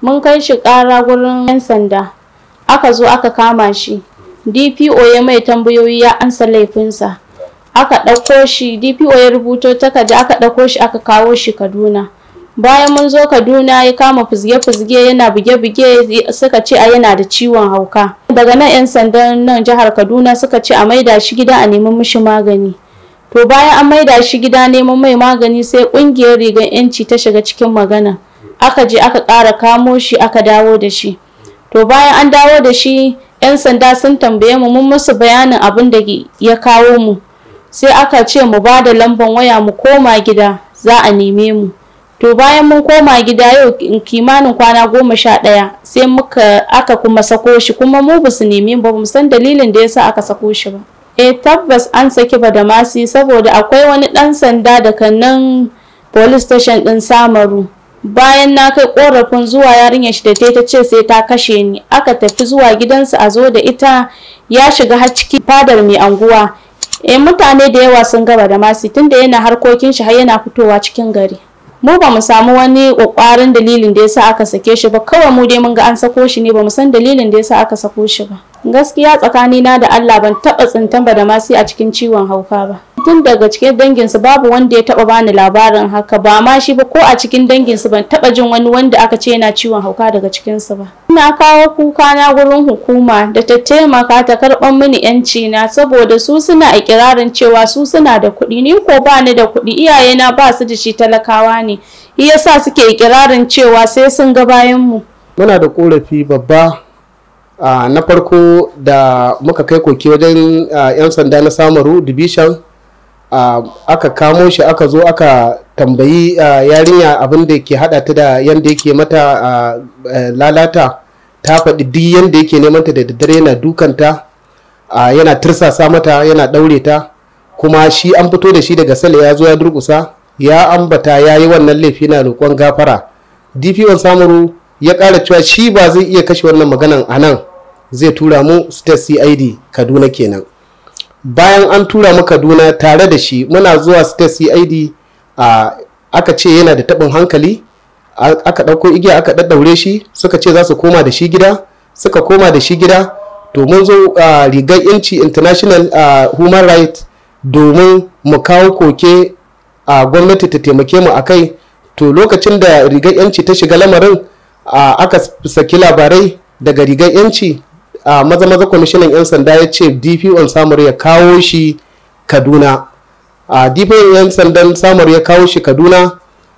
mun kai shi ƙara gurin 'yan sanda aka zo aka kama shi dpo ya mai tambayoyi ya ansa laifinsa aka ɗauko shi dpo ya rubuto takarda aka ɗauko shi aka kawo shi kaduna bayan mun zo kaduna ya kama fuzge-fuzge yana buge-buge suka ce a yana da ciwon hauka daga nan 'yan sandan nan jihar kaduna suka ce a maida shi gida a neman mishi magani to bayan an maida shi gida neman mai magani sai ƙungiyar rigar 'yanci ta shiga cikin magana aka je aka ƙara kamo shi aka dawo da shi to bayan an dawo da shi 'yan sanda sun tambaye mu mun musu bayanin abin da ya kawo mu sai aka ce mu ba da lamban waya mu koma gida za a neme mu to bayan mun koma gida yau kimanin kwana goma sha ɗaya sai muka aka kuma sako shi kuma mu su neme ba mu san dalilin da yasa aka sako shi ba e tabbas an saki ba da masi saboda akwai wani ɗan sanda daga nan police station ɗin samaru bayan na kai korafin zuwa yarinyar shi da ta ta ce sai ta kashe ni aka tafi zuwa gidansa a zo da ita ya shiga har ciki fadar mai anguwa eh mutane da yawa sun gaba da masi tunda yana harkokin shi har yana fitowa cikin gari mu ba mu samu wani kokarin dalilin da yasa aka sake shi ba kawai mu dai mun ga an sako shi ne ba mu san dalilin da yasa aka sako shi ba gaskiya tsakanina da Allah ban taba tsintan ba da masi a cikin ciwon hauka ba tun daga cikin danginsu babu wanda ya taba bani labarin haka ba ma shi ba ko a cikin danginsu ban taba jin wani wanda aka ce yana ciwon hauka daga cikinsu ba ina kawo kuka na gurin hukuma da ta taimaka ta karban mini yanci na saboda su suna ikirarin cewa su suna da kuɗi ni ko ba ni da kuɗi iyayena ba su da shi talakawa ne yasa suke ikirarin cewa sai sun ga bayan mu muna da korafi babba ah, na farko da muka kai koke wajen 'yan ah, sanda na samaru division aka kamo shi aka zo aka tambayi yarinya abin da ke hada ta da yadda yake mata lalata ta faɗi duk yadda yake neman ta da daddare yana dukanta yana tirsasa mata yana ɗaure ta kuma shi an fito da shi daga sale ya zo ya durƙusa ya ambata ya yi wannan laifi na roƙon gafara dpo samuru ya ƙara cewa shi ba zai iya kashe wannan maganan a nan zai tura mu state cid kaduna kenan bayan an tura mu kaduna tare da shi muna zuwa state cid a aka ce yana da tabin hankali aka ɗauko igiya aka ɗaɗɗaure shi suka ce za su koma da shi gida suka koma da shi gida to mun zo rigar yanci international human rights domin mu kawo koke a gwamnati ta taimake mu a kai to lokacin da rigar yanci ta shiga lamarin aka saki labarai daga rigar yanci maza maza kwamishinan 'yan sanda ya ce dpo samar ya kawo shi kaduna a dpo 'yan sandan samar ya kawo shi kaduna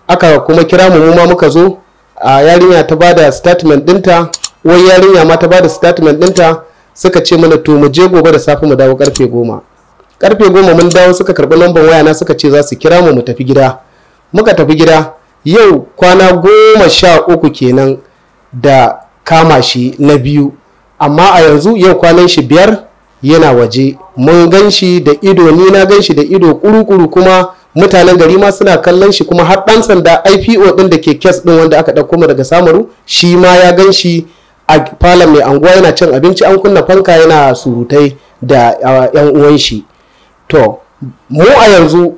aka kuma kira mu ma muka zo a yarinya ta bada statement dinta wai yarinya ma ta bada statement dinta suka ce mana to mu je gobe da safe mu dawo karfe goma karfe goma mun dawo suka karbi lambar waya na suka ce za su kira mu mu tafi gida muka tafi gida yau kwana goma sha uku kenan da kama shi na biyu amma a yanzu yau kwanan shi biyar yana waje mun gan shi da ido ni na gan shi da ido kurukuru kuma mutanen gari ma suna kallon shi kuma har ɗan sanda ipo ɗin da ke kes ɗin wanda aka ɗauko daga samaru shi ma ya gan shi a falon mai anguwa yana cin abinci an kunna fanka yana surutai da yan uwan shi to mu a yanzu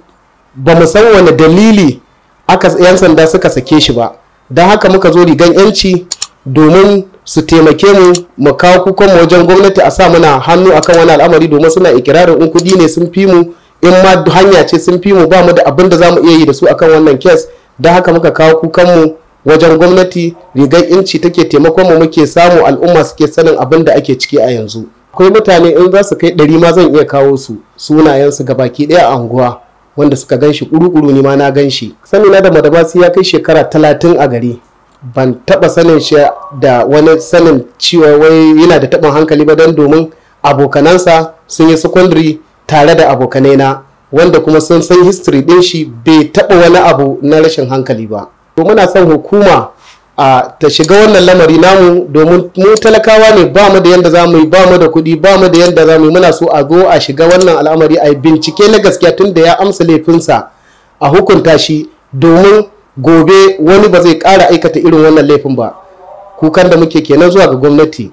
ba mu san wani dalili aka yan sanda suka sake shi ba don haka muka zo rigan yanci domin su taimake mu mu kawo kukan wajen gwamnati a sa muna hannu akan wani al'amari domin suna ikirarin in kudi ne sun fi mu in ma hanya ce sun fi mu ba mu da abin da za mu iya yi da su akan wannan kes da haka muka kawo kukan mu wajen gwamnati rigar inci take taimakon mu muke samu al'umma suke sanin abin da ake ciki a yanzu akwai mutane in za su kai ɗari ma zan iya kawo su sunayen su ga baki ɗaya a unguwa, wanda suka gan shi ƙuru-ƙuru ne ma na gan shi sanina da madabasi ya kai shekara talatin a gari ban taba sanin shi da wani sanin cewa wai yana da taɓin hankali ba don domin abokanansa sun yi secondary tare da abokanai na wanda kuma sun san history din shi bai taɓa wani abu na rashin hankali ba to muna son hukuma a ta shiga wannan lamari namu domin mu talakawa ne ba mu da yadda za mu yi ba mu da kuɗi ba mu da yadda za mu yi muna so a go a shiga wannan al'amari a bincike na gaskiya tun da ya amsa laifinsa a hukunta shi domin gobe wani ba zai ƙara aikata irin wannan laifin ba kukan da muke kenan zuwa ga gwamnati